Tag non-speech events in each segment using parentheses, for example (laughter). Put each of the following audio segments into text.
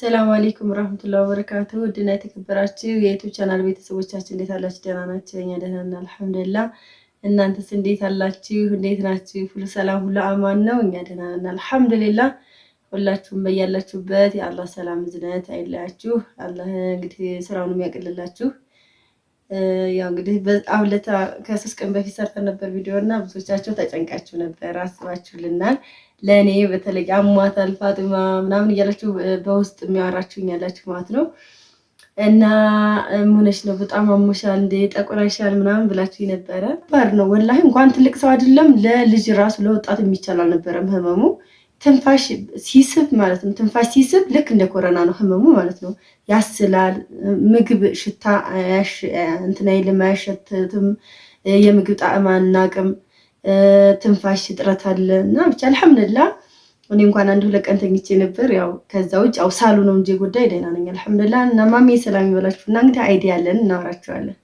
ሰላም አለይኩም ረህመቱላሂ ወበረካቱ። ውድና የተከበራችሁ የዩቲዩብ ቻናል ቤተሰቦቻችን እንዴት አላችሁ? ደህና ናችሁ? እኛ ደህና ነን አልሐምዱሊላህ። እናንተስ እንዴት አላችሁ? እንዴት ናችሁ? ሁሉ ሰላም፣ ሁሉ አማን ነው? እኛ ደህና ነን አልሐምዱሊላህ። ሁላችሁም በያላችሁበት የአላህ ሰላም ዝነት አይለያችሁ። አላህ እንግዲህ ስራውን የሚያቀልላችሁ ያው እንግዲህ ለታ ከሶስት ቀን በፊት ሰርተን ነበር ቪዲዮ እና ብዙዎቻቸው ተጨንቃችሁ ነበር፣ አስባችሁልናል። ለእኔ በተለይ አሟታል ፋጡማ ምናምን እያላችሁ በውስጥ የሚያወራችሁ ያላችሁ ማለት ነው። እና ምሆነች ነው በጣም አሞሻል እንደ ጠቁራሻል ምናምን ብላችሁ ነበረ። ባር ነው ወላሂ እንኳን ትልቅ ሰው አይደለም ለልጅ ራሱ ለወጣት የሚቻል አልነበረም ህመሙ ትንፋሽ ሲስብ ማለት ነው። ትንፋሽ ሲስብ ልክ እንደ ኮረና ነው ህመሙ ማለት ነው። ያስላል። ምግብ ሽታ እንትን አይልም፣ አያሸትትም። የምግብ ጣዕም አናቅም። ትንፋሽ እጥረት አለ እና ብቻ አልሐምድላ እኔ እንኳን አንድ ሁለት ቀን ተኝቼ ነበር። ያው ከዛ ውጭ ያው ሳሉ ነው እንጂ ጉዳይ ደህና ነኝ አልሐምድላ። እና ማሜ ሰላም ይበላችሁ እና እንግዲህ አይዲያ ያለን እናወራችኋለን።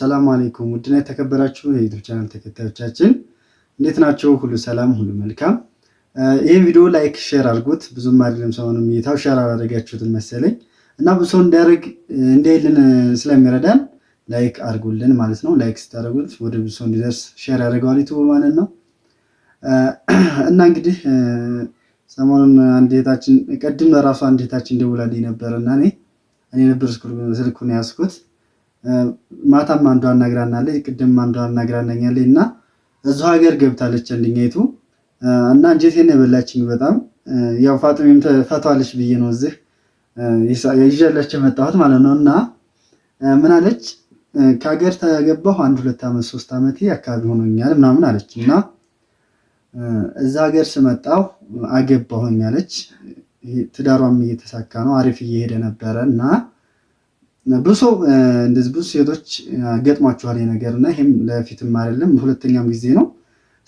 ሰላም አሌይኩም ውድና የተከበራችሁ የዩቱብ ቻናል ተከታዮቻችን እንዴት ናቸው? ሁሉ ሰላም፣ ሁሉ መልካም ይህን ቪዲዮ ላይክ ሼር አድርጉት። ብዙም አይደለም ሰውንም እይታው ሼር አላደረጋችሁትን መሰለኝ እና ብዙ ሰው እንዲያደርግ እንዲልን ስለሚረዳን ላይክ አድርጉልን ማለት ነው። ላይክ ስታደርጉት ወደ ብዙ ሰው እንዲደርስ ሼር ያደርገዋል ዩቱብ ማለት ነው። እና እንግዲህ ሰሞኑን አንድ እህታችን ቀድም ለራሱ አንድ እህታችን ደውላልኝ ነበር እና እኔ እኔ ነበር ስልኩን ያስኩት ማታም አንዷ አናግራናለች፣ ቅድም አንዷ አናግራናኛለች እና እዚሁ ሀገር ገብታለች አንደኛይቱ እና እንጀቴን የበላችኝ በጣም ያው ፋጥሚም ፈቷለች ብዬ ነው እዚህ ይዣላችሁ የመጣሁት ማለት ነው። እና ምን አለች ከሀገር ተገባሁ አንድ ሁለት ዓመት ሶስት ዓመት አካባቢ ሆኖኛል ምናምን አለች እና እዛ ሀገር ስመጣሁ አገባሁኝ አለች። ትዳሯም እየተሳካ ነው፣ አሪፍ እየሄደ ነበረ እና ብዙ እንደዚህ ብዙ ሴቶች ገጥሟችኋል ነገር እና ይህም ለፊትም አይደለም ሁለተኛም ጊዜ ነው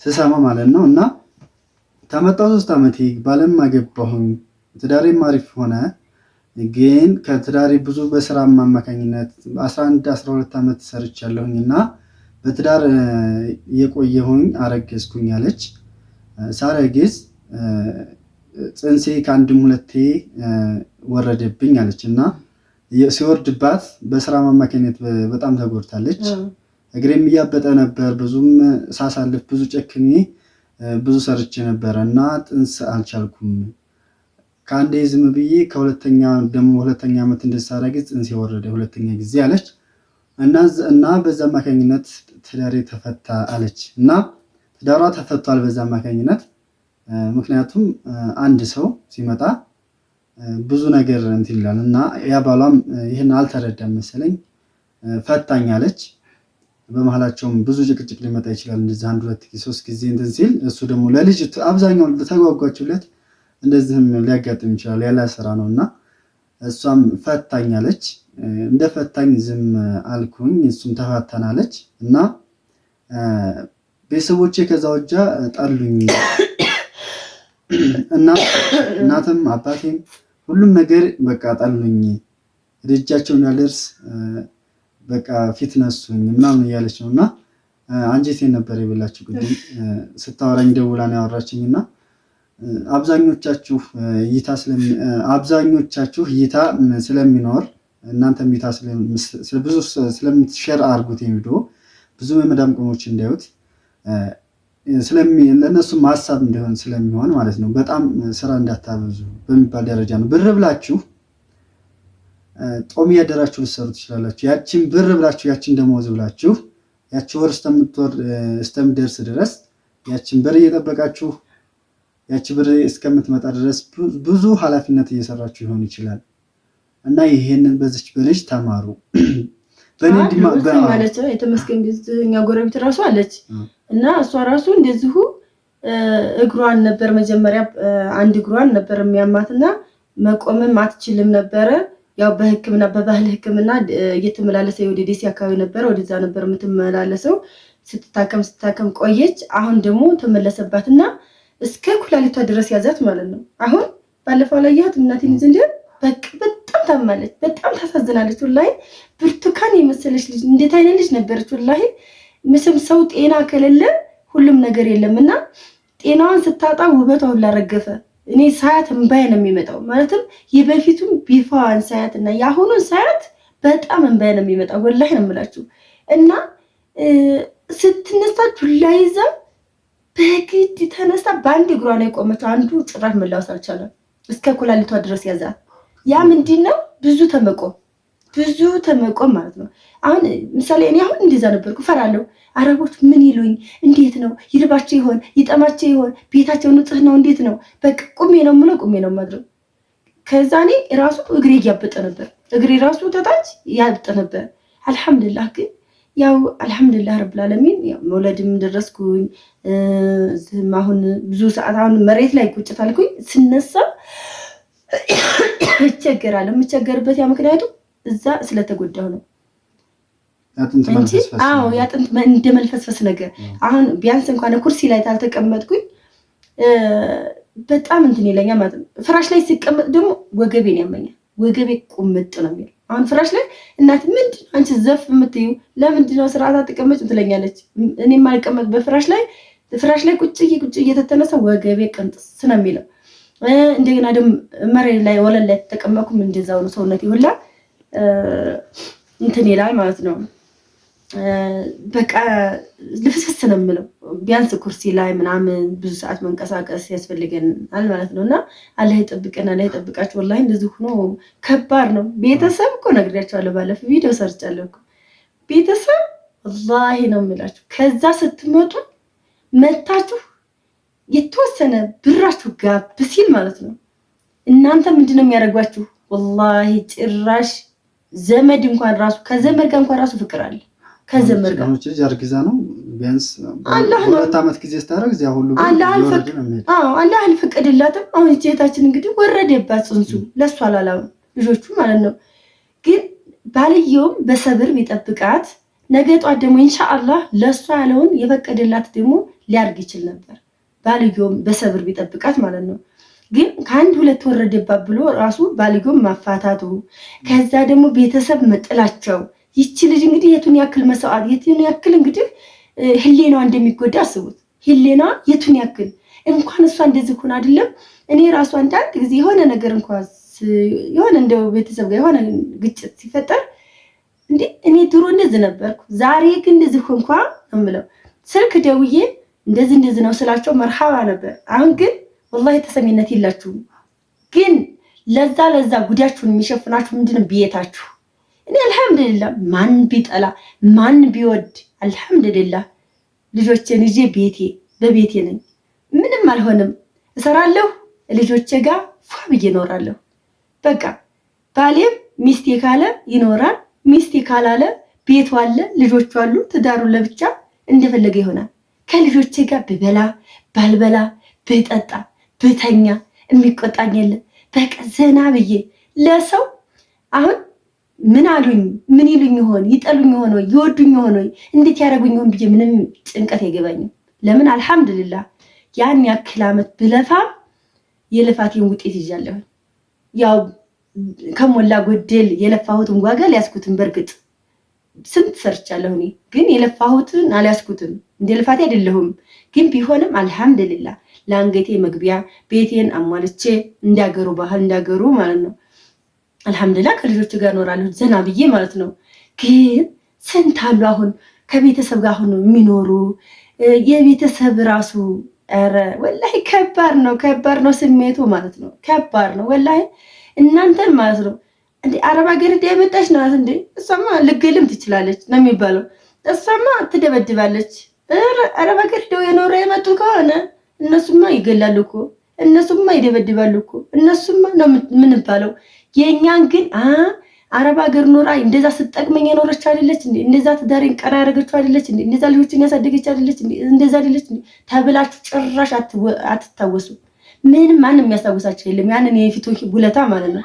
ስሰማ ማለት ነው እና ከመጣሁ ሶስት ዓመቴ ባለም አገባሁኝ። ትዳሬም አሪፍ ሆነ። ግን ከትዳሬ ብዙ በስራ አማካኝነት 11 12 ዓመት ያለሁኝ እና በትዳር የቆየሁኝ አረገዝኩኝ አለች። ሳረግዝ ጽንሴ ከአንድም ሁለቴ ወረደብኝ አለች እና ሲወርድባት በስራ አማካኝነት በጣም ተጎድታለች። እግሬም እያበጠ ነበር። ብዙም ሳሳልፍ ብዙ ጨክሜ ብዙ ሰርቼ ነበረ እና ጥንስ አልቻልኩም። ከአንዴ ዝም ብዬ ከሁለተኛ ደግሞ ሁለተኛ ዓመት እንድሳረግ ጥንስ የወረደ ሁለተኛ ጊዜ አለች እና በዛ አማካኝነት ትዳሬ ተፈታ አለች እና ትዳሯ ተፈቷል በዛ አማካኝነት። ምክንያቱም አንድ ሰው ሲመጣ ብዙ ነገር እንትን ይላል እና ያ ባሏም ይህን አልተረዳም መሰለኝ ፈታኝ አለች። በመሀላቸውም ብዙ ጭቅጭቅ ሊመጣ ይችላል። እንደዚህ አንድ ሁለት ሶስት ጊዜ እንትን ሲል እሱ ደግሞ ለልጅ አብዛኛው ለተጓጓችለት እንደዚህም ሊያጋጥም ይችላል። ያለ ስራ ነው እና እሷም አለች። እንደ ፈታኝ ዝም አልኩኝ፣ እሱም ተፋተናለች እና ቤተሰቦቼ ከዛ ወጃ ጠሉኝ እና እናትም አባቴም ሁሉም ነገር በቃ ጠሉኝ እጃቸውን ያልደርስ በቃ ፊት ነኝ ምናምን እያለች ነው እና አንጀቴን ነበር የበላችሁ። ቅድም ስታወራኝ ደውላ ነው ያወራችኝ እና አብዛኞቻችሁ እይታ አብዛኞቻችሁ እይታ ስለሚኖር እናንተ እይታ ብዙ ስለምትሸር አድርጉት ቪዲዮ ብዙ የመዳም ቅሞች እንዳዩት ለእነሱም ሀሳብ እንዲሆን ስለሚሆን ማለት ነው። በጣም ስራ እንዳታበዙ በሚባል ደረጃ ነው ብር ብላችሁ ጦም እያደራችሁ ልትሰሩ ትችላላችሁ። ያችን ብር ብላችሁ ያችን ደመወዝ ብላችሁ ያቺ ወር እስከምትወር እስከምደርስ ድረስ ያችን ብር እየጠበቃችሁ ያች ብር እስከምትመጣ ድረስ ብዙ ኃላፊነት እየሰራችሁ ይሆን ይችላል እና ይሄንን በዚች በልጅ ተማሩ። (clears throat) ማለት ነው የተመስገን እኛ ጎረቤት ራሱ አለች እና እሷ ራሱ እንደዚሁ እግሯን ነበር መጀመሪያ አንድ እግሯን ነበር የሚያማትና መቆምም አትችልም ነበረ ያው በህክምና በባህል ህክምና እየተመላለሰ ወደ ደሴ አካባቢ ነበረ። ወደዛ ነበር የምትመላለሰው። ስትታከም ስትታከም ቆየች። አሁን ደግሞ ተመለሰባትና እስከ ኩላሊቷ ድረስ ያዛት ማለት ነው። አሁን ባለፈው ላይ ያት እናቴን ይዘን በቃ በጣም ታማለች። በጣም ታሳዝናለች። ወላሂ ብርቱካን የመሰለች ልጅ እንዴት አይነት ልጅ ነበረች? ወላሂ ምስም ሰው ጤና ከሌለ ሁሉም ነገር የለም እና ጤናዋን ስታጣ ውበቷ ሁላ ረገፈ። እኔ ሳያት እንባይ ነው የሚመጣው። ማለትም የበፊቱን ቢፋዋን ሳያት እና የአሁኑን ሳያት በጣም እንባይ ነው የሚመጣው። ወላሂ ነው የምላችሁ። እና ስትነሳ ዱላ ይዛ በግድ ተነሳ። በአንድ እግሯ ላይ ቆመች። አንዱ ጭራሽ መላወስ አልቻለም። እስከ ኩላሊቷ ድረስ ያዛት። ያ ምንድን ነው ብዙ ተመቆም ብዙ ተመቆም ማለት ነው። አሁን ምሳሌ እኔ አሁን እንደዛ ነበርኩ፣ ፈራለሁ። አረቦች ምን ይሉኝ? እንዴት ነው? ይርባቸው ይሆን? ይጠማቸው ይሆን? ቤታቸው ንጽህ ነው? እንዴት ነው? በቃ ቁሜ ነው ምለው፣ ቁሜ ነው ማድረግ። ከዛ እኔ ራሱ እግሬ እያበጠ ነበር፣ እግሬ ራሱ ተታች ያብጠ ነበር። አልሐምድላህ ግን ያው አልሐምድላህ ረብላለሚን ዓለሚን መውለድም ደረስኩኝ። እዚህም አሁን ብዙ ሰዓት አሁን መሬት ላይ ቁጭት አልኩኝ፣ ስነሳ እቸገራለሁ። የምቸገርበት ያ ምክንያቱም እዛ ስለተጎዳው ነው እንጂ አዎ ያጥንት እንደ መልፈስፈስ ነገር። አሁን ቢያንስ እንኳን ኩርሲ ላይ ታልተቀመጥኩኝ በጣም እንትን ይለኛል ማለት ነው። ፍራሽ ላይ ሲቀመጥ ደግሞ ወገቤን ያመኛል። ወገቤ ቁምጥ ነው የሚለው። አሁን ፍራሽ ላይ እናት ምንድን አንቺ ዘፍ የምትዩ ለምንድን ነው ስርዓት አትቀመጭ ትለኛለች። እኔ የማልቀመጥ በፍራሽ ላይ ፍራሽ ላይ ቁጭ ቁጭ እየተተነሰ ወገቤ ቅንጥስ ነው የሚለው። እንደገና ደግሞ መሬት ላይ ወለል ላይ ተቀመጥኩም እንደዛው ነው ሰውነት ይሁላል እንትን ይላል ማለት ነው። በቃ ልፍስፍስ ነው የምለው። ቢያንስ ኩርሲ ላይ ምናምን ብዙ ሰዓት መንቀሳቀስ ያስፈልገናል ማለት ነው። እና አላህ ይጠብቀን፣ አላህ ይጠብቃችሁ። ወላሂ እንደዚህ ሆኖ ከባድ ነው። ቤተሰብ እኮ ነግሬያቸዋለሁ፣ ባለፈው ቪዲዮ ሰርቻለሁ እኮ ቤተሰብ ወላሂ ነው የምላችሁ። ከዛ ስትመጡ መታችሁ የተወሰነ ብራችሁ ጋብ ሲል ማለት ነው እናንተ ምንድነው የሚያደርጓችሁ? ወላሂ ጭራሽ ዘመድ እንኳን ራሱ ከዘመድ ጋር እንኳን ራሱ ፍቅር አለ። ከዘመድ ጋር ልጅ አርግዛ ነው ቢያንስ ሁለት ዓመት ጊዜ ስታደርግ እዚያ ሁሉ አላህ አልፈቀደላትም። አሁን እህታችን እንግዲህ ወረደባት ጽንሱ ለእሷ አላላ ልጆቹ ማለት ነው። ግን ባልየውም በሰብር ቢጠብቃት ነገ ጧት ደግሞ ኢንሻአላህ ለእሷ ያለውን የፈቀደላት ደግሞ ሊያርግ ይችል ነበር። ባልየውም በሰብር ቢጠብቃት ማለት ነው። ግን ከአንድ ሁለት ወረደባት ብሎ ራሱ ባልዮን ማፋታቱ ከዛ ደግሞ ቤተሰብ መጥላቸው ይቺ ልጅ እንግዲህ የቱን ያክል መስዋዕት የቱን ያክል እንግዲህ ህሌናዋ እንደሚጎዳ አስቡት። ህሌኗ የቱን ያክል እንኳን እሷ እንደዚህ ሆን አይደለም እኔ ራሱ አንዳንድ ጊዜ የሆነ ነገር እንኳ የሆነ እንደ ቤተሰብ ጋር የሆነ ግጭት ሲፈጠር እንዴ እኔ ድሮ እንደዚህ ነበርኩ፣ ዛሬ ግን እንደዚህ እንኳ ምለው ስልክ ደውዬ እንደዚህ እንደዚህ ነው ስላቸው መርሃባ ነበር። አሁን ግን ወላሂ ተሰሚነት የላችሁም። ግን ለዛ ለዛ ጉዳያችሁን የሚሸፍናችሁ ምንድነው ብዬታችሁ እኔ አልሐምድልላ ማን ቢጠላ ማን ቢወድ አልሐምድልላ ልጆቼን ይዤ ቤቴ በቤቴ ነኝ። ምንም አልሆንም፣ እሰራለሁ፣ ልጆቼ ጋር ፏ ብዬ እኖራለሁ። በቃ ባሌም ሚስቴ ካለ ይኖራል፣ ሚስቴ ካላለ ቤቱ አለ፣ ልጆቹ አሉ፣ ትዳሩ ለብቻ እንደፈለገ ይሆናል። ከልጆቼ ጋር ብበላ ባልበላ ብጠጣ ብተኛ የሚቆጣኝ የለም። በቃ ዘና ብዬ ለሰው አሁን ምን አሉኝ፣ ምን ይሉኝ ይሆን፣ ይጠሉኝ ይሆን ወይ፣ ይወዱኝ ይሆን ወይ፣ እንዴት ያደረጉኝ ይሆን ብዬ ምንም ጭንቀት አይገባኝም። ለምን አልሐምድልላህ ያን ያክል አመት ብለፋም የልፋቴን ውጤት ይዣለሁ። ያው ከሞላ ጎደል የለፋሁትን ዋጋ ሊያስኩትን በእርግጥ ስንት ሰርቻለሁ እኔ ግን የለፋሁትን አልያስኩትም። እንደ ልፋቴ አይደለሁም ግን ቢሆንም አልሐምድልላ ለአንገቴ መግቢያ ቤቴን አሟልቼ እንዳገሩ ባህል እንዳገሩ ማለት ነው። አልሐምዱላ ከልጆች ጋር እኖራለሁ ዘና ብዬ ማለት ነው። ግን ስንት አሉ አሁን ከቤተሰብ ጋር አሁን የሚኖሩ የቤተሰብ ራሱ ኧረ ወላሂ ከባድ ነው፣ ከባድ ነው ስሜቱ ማለት ነው። ከባድ ነው ወላሂ እናንተን ማለት ነው። እንደ አረብ ሀገር እንደ የመጣች ናት እንዴ እሷማ ልገልም ትችላለች ነው የሚባለው። እሷማ ትደበድባለች። አረብ ሀገር ሄደው የኖረ የመጡ ከሆነ እነሱማ ይገላሉ እኮ እነሱማ ይደበድባሉ እኮ እነሱማ ነው የምንባለው። የእኛን ግን አረብ ሀገር ኖራ እንደዛ ስጠቅመኝ የኖረች አይደለች እንዴ? እንደዛ ትዳሬን ቀና ያደረገችው አይደለች እንዴ? እንደዛ ልጆችን ያሳደገች አይደለች እንዴ? እንደዛ አይደለች እንዴ? ተብላችሁ ጭራሽ አትታወሱ። ምንም ማንም የሚያስታውሳቸው የለም። ያንን የፊቶ ውለታ ማለት ነው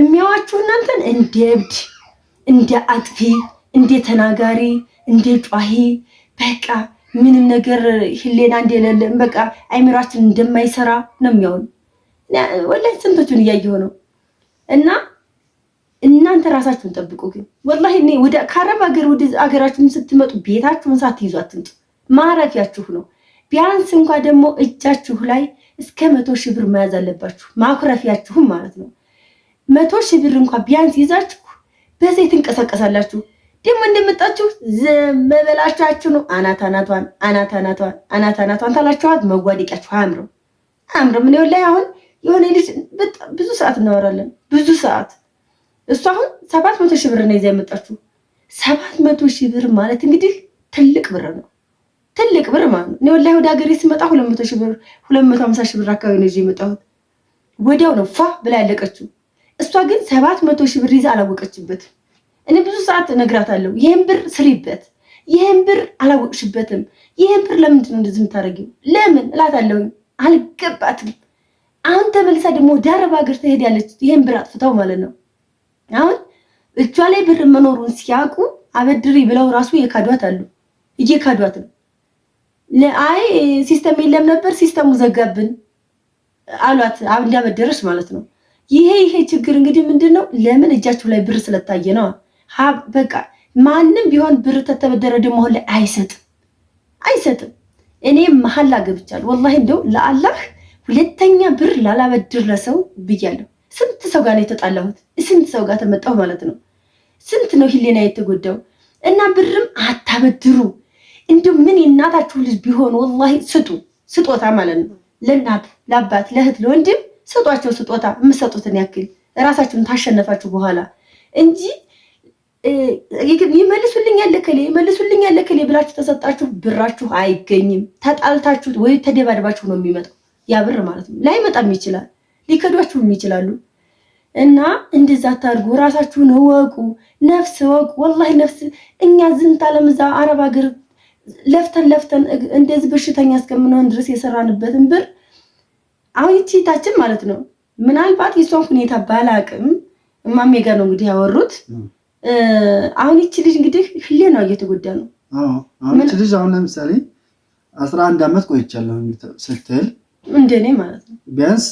የሚያዋችሁ እናንተን እንደ እብድ፣ እንደ አጥፊ፣ እንደ ተናጋሪ፣ እንደ ጧሂ በቃ ምንም ነገር ህሌና እንደሌለን በቃ አይምሯችን እንደማይሰራ ነው የሚሆኑ። ወላሂ ስንቶቹን እያየሁ ነው። እና እናንተ ራሳችሁን ጠብቁ። ግን ወላሂ እኔ ወደ ከአረብ ሀገር ወደ ሀገራችሁን ስትመጡ ቤታችሁን ሳትይዙ አትምጡ። ማረፊያችሁ ነው። ቢያንስ እንኳ ደግሞ እጃችሁ ላይ እስከ መቶ ሺህ ብር መያዝ አለባችሁ። ማኩረፊያችሁም ማለት ነው። መቶ ሺህ ብር እንኳ ቢያንስ ይዛችሁ በዚህ ትንቀሳቀሳላችሁ። ደግሞ እንደመጣችሁ ዘመበላቻችሁ ነው። አናት አናቷን አናት አናቷን አናት አናቷን ታላችኋት መጓደቂያችሁ አያምርም አያምርም። እኔ ላይ አሁን የሆነ ልጅ ብዙ ሰዓት እናወራለን፣ ብዙ ሰዓት እሱ አሁን ሰባት መቶ ሺህ ብር ነው ይዛ የመጣችሁ። ሰባት መቶ ሺህ ብር ማለት እንግዲህ ትልቅ ብር ነው፣ ትልቅ ብር ማለት ነው። እኔ ወላሂ ወደ ሀገሬ ስመጣ ሁለት መቶ ሺህ ብር ሁለት መቶ ሀምሳ ሺህ ብር አካባቢ ነው ይዤ የመጣሁት። ወዲያው ነው ፏ ብላ ያለቀችው። እሷ ግን ሰባት መቶ ሺህ ብር ይዛ አላወቀችበትም። እኔ ብዙ ሰዓት እነግራታለሁ። ይህን ብር ስሪበት፣ ይህን ብር አላወቅሽበትም፣ ይህን ብር ለምንድን ነው እንደዚህ የምታደርጊው? ለምን እላታለሁኝ። አልገባትም። አሁን ተመልሳ ደግሞ ወደ አረብ ሀገር ትሄዳለች። ይህን ብር አጥፍተው ማለት ነው። አሁን እጇ ላይ ብር መኖሩን ሲያውቁ አበድሪ ብለው ራሱ የካዷት አሉ። እየካዷት ነው። አይ ሲስተም የለም ነበር ሲስተሙ ዘጋብን አሏት፣ እንዳበደረች ማለት ነው። ይሄ ይሄ ችግር እንግዲህ ምንድን ነው? ለምን እጃችሁ ላይ ብር ስለታየ ነዋ? በቃ ማንም ቢሆን ብር ተተበደረ ደሞ አሁን ላይ አይሰጥም አይሰጥም። እኔ መሀላ ገብቻለሁ። ወላሂ እንደው ለአላህ ሁለተኛ ብር ላላበድር ለሰው ብያለሁ። ስንት ሰው ጋር ነው የተጣላሁት? ስንት ሰው ጋር ተመጣሁ ማለት ነው። ስንት ነው ሂሌና የተጎዳው እና ብርም አታበድሩ። እንዲሁ ምን የእናታችሁ ልጅ ቢሆን ወላሂ ስጡ፣ ስጦታ ማለት ነው። ለእናት ለአባት፣ ለእህት፣ ለወንድም ስጧቸው ስጦታ፣ የምሰጡትን ያክል እራሳችሁን ታሸነፋችሁ በኋላ እንጂ ይመልሱልኛል ይመልሱልኝ ያለ እከሌ ብላችሁ ተሰጣችሁ ብራችሁ አይገኝም። ተጣልታችሁ ወይ ተደባድባችሁ ነው የሚመጣው ያ ብር ማለት ነው። ላይመጣም ይችላል፣ ሊከዷችሁም ይችላሉ። እና እንደዛ አታድርጉ። ራሳችሁን እወቁ፣ ነፍስ እወቁ። ወላሂ ነፍስ እኛ ዝንት አለም እዛ አረብ ሀገር ለፍተን ለፍተን እንደዚህ በሽተኛ እስከምንሆን ድረስ የሰራንበትን ብር አሁን ይቺታችን ማለት ነው ምናልባት የሷን ሁኔታ ባላቅም እማሜ ነው እንግዲህ ያወሩት አሁን ይቺ ልጅ እንግዲህ ህሌ ነው እየተጎዳ ነው። አሁን ይቺ ልጅ አሁን ለምሳሌ አስራ አንድ አመት ቆይቻለሁ ስትል እንደኔ ማለት ነው ቢያንስ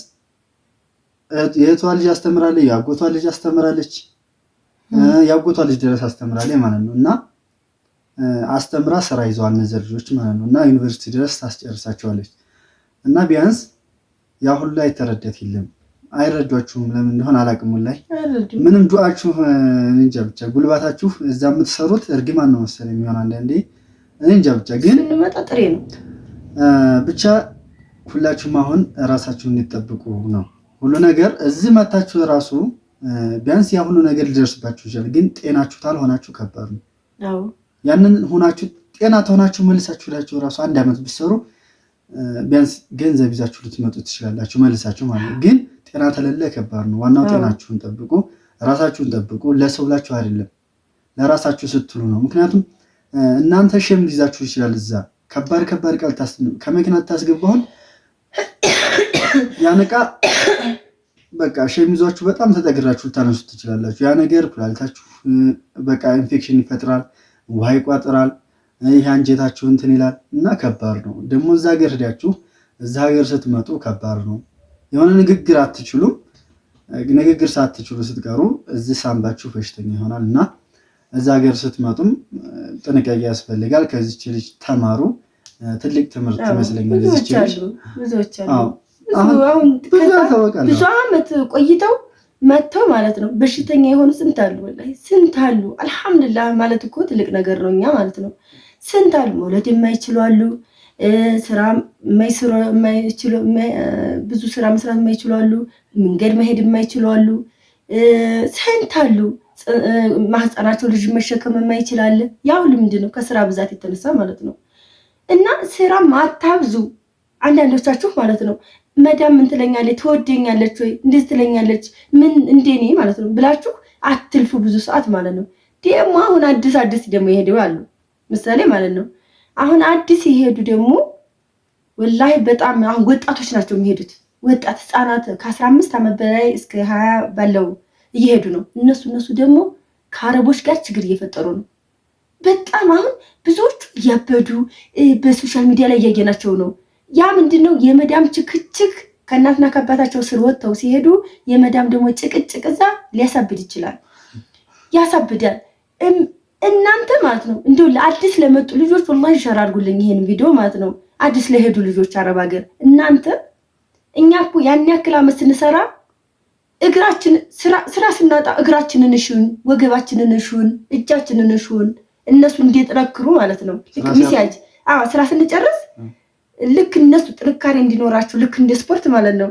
የእህቷ ልጅ አስተምራለች፣ የአጎቷ ልጅ አስተምራለች፣ የአጎቷ ልጅ ድረስ አስተምራለች ማለት ነው እና አስተምራ ስራ ይዘዋል እነዚህ ልጆች ማለት ነው እና ዩኒቨርሲቲ ድረስ ታስጨርሳቸዋለች እና ቢያንስ ያ ሁሉ የተረዳት የለም አይረዷችሁም። ለምን እንደሆነ አላቅሙ ላይ ምንም ዱዓችሁ እንጃ ብቻ ጉልባታችሁ እዛ የምትሰሩት እርግማን ነው መሰለኝ የሚሆን አንዳንዴ እንጃ ብቻ ግን ጥሬ ነው ብቻ ሁላችሁም አሁን ራሳችሁን እንዲጠብቁ ነው ሁሉ ነገር እዚህ መታችሁ ራሱ ቢያንስ ያ ሁሉ ነገር ሊደርስባችሁ ይችላል። ግን ጤናችሁ ታልሆናችሁ ከባድ ነው። ያንን ሆናችሁ ጤና ተሆናችሁ መልሳችሁ ላችሁ ራሱ አንድ ዓመት ብትሰሩ ቢያንስ ገንዘብ ይዛችሁ ልትመጡ ትችላላችሁ መልሳችሁ ማለት ግን ጤና ተለለ ከባድ ነው። ዋናው ጤናችሁን ጠብቁ፣ ራሳችሁን ጠብቁ። ለሰው ብላችሁ አይደለም ለራሳችሁ ስትሉ ነው። ምክንያቱም እናንተ ሸም ሊይዛችሁ ይችላል። እዛ ከባድ ከባድ ቃል ከመኪና ታስገባሁን ያነቃ በቃ ሸም ይዟችሁ በጣም ተጠግራችሁ ልታነሱ ትችላላችሁ። ያ ነገር ኩላሊታችሁ በቃ ኢንፌክሽን ይፈጥራል፣ ውሃ ይቋጥራል፣ ይህ አንጀታችሁ እንትን ይላል እና ከባድ ነው። ደግሞ እዛ ሀገር ሄዳችሁ እዛ ሀገር ስትመጡ ከባድ ነው። የሆነ ንግግር አትችሉም። ንግግር ሳትችሉ ስትቀሩ እዚህ ሳምባችሁ በሽተኛ ይሆናል እና እዛ ሀገር ስትመጡም ጥንቃቄ ያስፈልጋል። ከዚች ልጅ ተማሩ። ትልቅ ትምህርት ይመስለኛል። ብዙ ቆይተው መጥተው ማለት ነው በሽተኛ የሆኑ ስንት አሉ፣ ወላሂ ስንት አሉ። አልሐምዱሊላህ ማለት እኮ ትልቅ ነገር ነው። እኛ ማለት ነው ስንት አሉ፣ መውለድ የማይችሉ አሉ ስራ ብዙ ስራ መስራት የማይችሉ አሉ። መንገድ መሄድ የማይችሉ አሉ። ስንት አሉ። ማህፀናቸው ልጅ መሸከም የማይችል ያው ልምድ ነው ከስራ ብዛት የተነሳ ማለት ነው። እና ስራ ማታብዙ አንዳንዶቻችሁ ማለት ነው። መዳም ምን ትለኛለች፣ ትወደኛለች ወይ እንደዚህ ትለኛለች፣ ምን እንደኔ ማለት ነው ብላችሁ አትልፉ ብዙ ሰዓት ማለት ነው። ደግሞ አሁን አዲስ አዲስ ደግሞ ይሄደው አሉ ምሳሌ ማለት ነው አሁን አዲስ የሄዱ ደግሞ ወላሂ በጣም አሁን ወጣቶች ናቸው የሚሄዱት። ወጣት ህፃናት ከአስራ አምስት ዓመት በላይ እስከ ሀያ ባለው እየሄዱ ነው። እነሱ እነሱ ደግሞ ከአረቦች ጋር ችግር እየፈጠሩ ነው። በጣም አሁን ብዙዎቹ እያበዱ በሶሻል ሚዲያ ላይ እያየናቸው ነው። ያ ምንድን ነው የመዳም ችክችክ ከእናትና ከአባታቸው ስር ወጥተው ሲሄዱ የመዳም ደግሞ ጭቅጭቅ እዛ ሊያሳብድ ይችላል፣ ያሳብዳል እናንተ ማለት ነው እንዲሁ ለአዲስ ለመጡ ልጆች ወላሂ ሸር አድርጉልኝ ይሄን ቪዲዮ ማለት ነው። አዲስ ለሄዱ ልጆች አረብ ሀገር እናንተ እኛ እኮ ያን ያክል አመት ስንሰራ እግራችን ስራ ስናጣ እግራችንን እሹን፣ ወገባችንን እሹን፣ እጃችንን እሹን እነሱ እንዲጠነክሩ ማለት ነው። ሚሲያጅ ስራ ስንጨርስ ልክ እነሱ ጥንካሬ እንዲኖራቸው ልክ እንደ ስፖርት ማለት ነው።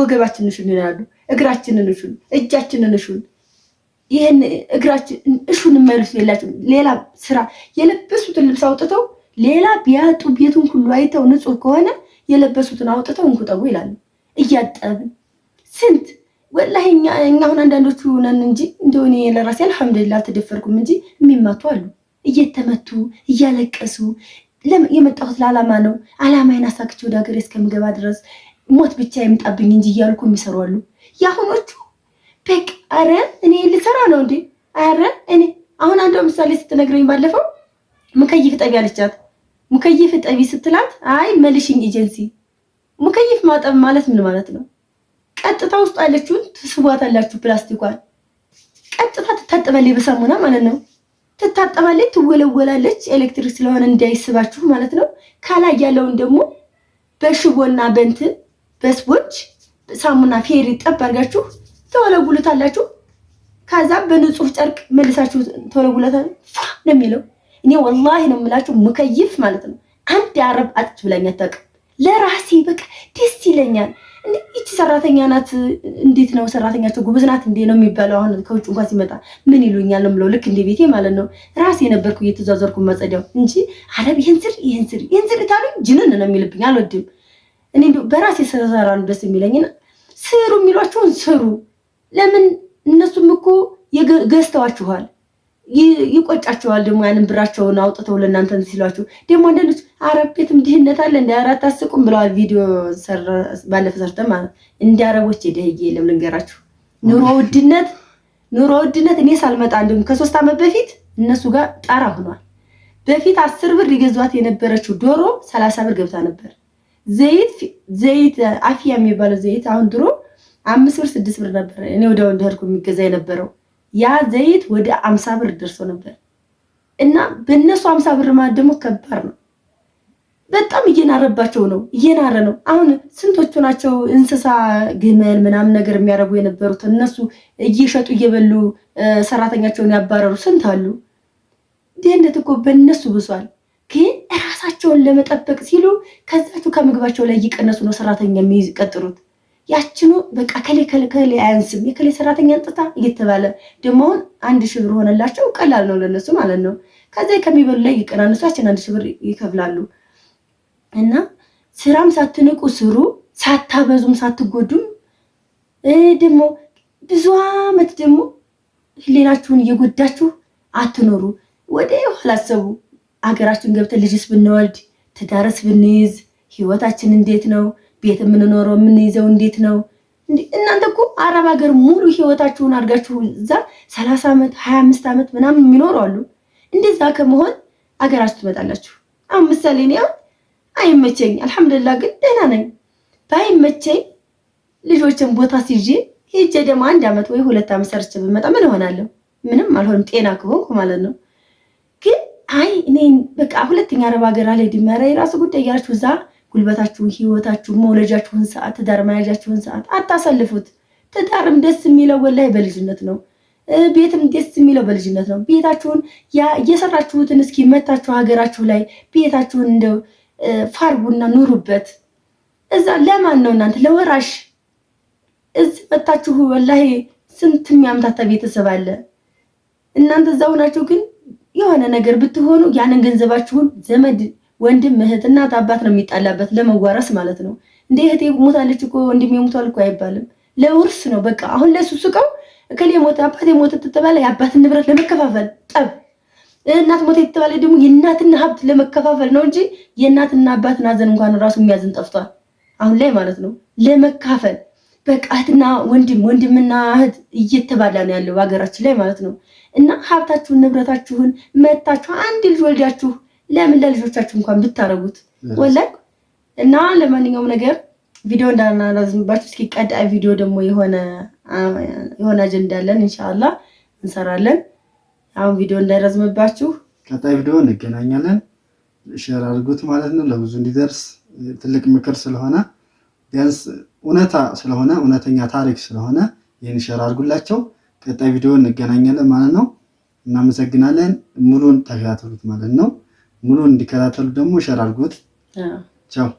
ወገባችንን እሹን ይላሉ፣ እግራችንን እሹን፣ እጃችንን እሹን ይህን እግራችን እሹን የማይሉት የላቸው። ሌላ ስራ የለበሱትን ልብስ አውጥተው ሌላ ቢያጡ ቤቱን ሁሉ አይተው ንጹህ ከሆነ የለበሱትን አውጥተው እንቁጠቡ ይላሉ። እያጠብን ስንት ወላሂ እኛ አሁን አንዳንዶቹ ነን እንጂ እንደው ለራሴ አልሐምዱሊላህ አልተደፈርኩም እንጂ የሚማቱ አሉ። እየተመቱ እያለቀሱ የመጣሁት ለዓላማ ነው፣ ዓላማዬን አሳክቼ ወደ ሀገሬ እስከምገባ ድረስ ሞት ብቻ የምጣብኝ እንጂ እያልኩ የሚሰሩ አሉ። የአሁኖቹ አረ እኔ ልሰራ ነው እንዴ? አረ እኔ አሁን አንዷ ምሳሌ ስትነግረኝ ባለፈው ሙከይፍ ጠቢ አለቻት። ሙከይፍ ጠቢ ስትላት አይ መልሽኝ ኤጀንሲ። ሙከይፍ ማጠብ ማለት ምን ማለት ነው? ቀጥታ ውስጥ ያለችውን ትስቧታላችሁ ፕላስቲኳን ቀጥታ ትታጠባለች በሳሙና ማለት ነው። ትታጠባለች፣ ትወለወላለች ኤሌክትሪክ ስለሆነ እንዳይስባችሁ ማለት ነው። ከላይ ያለውን ደግሞ በሽቦና በእንትን በስቦች ሳሙና ፌሪ ጠብ አድርጋችሁ ተወለጉልታላችሁ። ከዛ በንጹህ ጨርቅ መልሳችሁ ተወለጉለታ ነው የሚለው። እኔ ወላሂ ነው የምላችሁ ሙከይፍ ማለት ነው። አንድ አረብ አጥች ብላኝ አታውቅም። ለራሴ በቃ ደስ ይለኛል። ይቺ ሰራተኛ ናት። እንዴት ነው ሰራተኛቸው ጉብዝናት ናት እንዴ ነው የሚባለው? አሁን ከውጭ እንኳን ሲመጣ ምን ይሉኛል ነው የምለው። ልክ እንደ ቤቴ ማለት ነው። ራሴ ነበርኩ እየተዟዟርኩ መጸዳው እንጂ አረብ ይህን ስር ይህን ስር ይህን ስር ጅንን ነው የሚልብኝ። አልወድም እኔ በራሴ ስሰራ ነው ደስ የሚለኝ። ስሩ የሚሏቸውን ስሩ ለምን እነሱም እኮ ገዝተዋችኋል፣ ይቆጫችኋል። ደግሞ ያንን ብራቸውን አውጥተው ለእናንተ ሲሏችሁ ደግሞ አንዳንዶች አረቤትም ድህነት አለ እንደ አራት አስቁም ብለዋል። ቪዲዮ ባለፈ ሰርተ ማለት እንደ አረቦች የደህዬ የለም ልንገራችሁ። ኑሮ ውድነት ኑሮ ውድነት እኔ ሳልመጣ እንዲሁም ከሶስት ዓመት በፊት እነሱ ጋር ጣራ ሆኗል። በፊት አስር ብር ይገዟት የነበረችው ዶሮ ሰላሳ ብር ገብታ ነበር። ዘይት ዘይት አፊያ የሚባለው ዘይት አሁን ድሮ አምስት ብር ስድስት ብር ነበር እኔ ወደ ሄድኩ የሚገዛ የነበረው ያ ዘይት ወደ አምሳ ብር ደርሶ ነበር። እና በእነሱ አምሳ ብር ማለት ደግሞ ከባድ ነው። በጣም እየናረባቸው ነው፣ እየናረ ነው። አሁን ስንቶቹ ናቸው እንስሳ ግመል ምናምን ነገር የሚያረቡ የነበሩት እነሱ እየሸጡ እየበሉ ሰራተኛቸውን ያባረሩ ስንት አሉ። ድህነት እኮ በእነሱ ብሷል። ግን እራሳቸውን ለመጠበቅ ሲሉ ከዛቸው ከምግባቸው ላይ እየቀነሱ ነው ሰራተኛ የሚቀጥሩት። ያችኑ በቃ ከሌ ከሌ አያንስም የከሌ ሰራተኛ እንጥታ እየተባለ ደግሞ አሁን አንድ ሺህ ብር ሆነላቸው። ቀላል ነው ለነሱ ማለት ነው። ከዚያ ከሚበሉ ላይ ይቀናነሱ ያችን አንድ ሺህ ብር ይከፍላሉ። እና ስራም ሳትንቁ ስሩ፣ ሳታበዙም ሳትጎዱም። ደግሞ ብዙ አመት ደግሞ ህሌናችሁን እየጎዳችሁ አትኖሩ። ወደ ኋላ አሰቡ። አገራችን ገብተን ልጅስ ብንወልድ ትዳርስ ብንይዝ ህይወታችን እንዴት ነው? ቤት የምንኖረው የምንይዘው እንዴት ነው? እናንተ እኮ አረብ ሀገር ሙሉ ህይወታችሁን አድርጋችሁ እዛ ሰላሳ ዓመት ሀያ አምስት ዓመት ምናምን የሚኖሩ አሉ። እንደዛ ከመሆን አገራችሁ ትመጣላችሁ። አሁን ምሳሌ እኔ አይመቸኝ፣ አልሐምዱላ ግን ደህና ነኝ። ባይመቸኝ ልጆችን ቦታ ሲዤ ሄጀ ደግሞ አንድ ዓመት ወይ ሁለት ዓመት ሰርች ብመጣ ምን እሆናለሁ? ምንም አልሆንም፣ ጤና ከሆንኩ ማለት ነው። ግን አይ እኔ በቃ ሁለተኛ አረብ ሀገር አለ ኧረ የራሱ ጉዳይ እያላችሁ እዛ ጉልበታችሁን፣ ህይወታችሁን፣ መውለጃችሁን ሰዓት፣ ትዳር መያዣችሁን ሰዓት አታሳልፉት። ትዳርም ደስ የሚለው ወላሂ በልጅነት ነው። ቤትም ደስ የሚለው በልጅነት ነው። ቤታችሁን የሰራችሁትን እስኪ መታችሁ ሀገራችሁ ላይ ቤታችሁን እንደው ፋርጉና ኑሩበት። እዛ ለማን ነው እናንተ ለወራሽ? እዚህ መታችሁ ወላሂ ስንት የሚያምታታ ቤተሰብ አለ። እናንተ እዛ ሆናችሁ ግን የሆነ ነገር ብትሆኑ ያንን ገንዘባችሁን ዘመድ ወንድም እህት፣ እናት፣ አባት ነው የሚጣላበት ለመዋረስ ማለት ነው። እንደ እህቴ ሞታለች እኮ ወንድሜ ሞቷል እኮ አይባልም። ለውርስ ነው በቃ። አሁን ለሱ ስቀው እከሌ ሞተ አባት የሞተ ተተባለ የአባትን ንብረት ለመከፋፈል ጠብ፣ እናት ሞተ የተባለ ደግሞ የእናትና ሀብት ለመከፋፈል ነው እንጂ የእናትና አባትን ሀዘን እንኳን ራሱ የሚያዝን ጠፍቷል አሁን ላይ ማለት ነው። ለመካፈል በቃ እህትና ወንድም ወንድምና እህት እየተባላ ነው ያለው ሀገራችን ላይ ማለት ነው። እና ሀብታችሁን ንብረታችሁን መታችሁ አንድ ልጅ ወልዳችሁ ለምን ለልጆቻችሁ እንኳን ብታደርጉት ወላሂ። እና ለማንኛውም ነገር ቪዲዮ እንዳናራዝምባችሁ እስኪ ቀጣይ ቪዲዮ ደግሞ የሆነ የሆነ አጀንዳ አለን እንሻላ እንሰራለን። አሁን ቪዲዮ እንዳይረዝምባችሁ ቀጣይ ቪዲዮ እንገናኛለን። ሼር አድርጉት ማለት ነው ለብዙ እንዲደርስ ትልቅ ምክር ስለሆነ ቢያንስ እውነታ ስለሆነ እውነተኛ ታሪክ ስለሆነ ይህን ሼር አድርጉላቸው። ቀጣይ ቪዲዮ እንገናኛለን ማለት ነው። እናመሰግናለን። ሙሉን ተከታተሉት ማለት ነው። ሙሉ እንዲከታተሉ ደግሞ ሸር አድርጉት። ቻው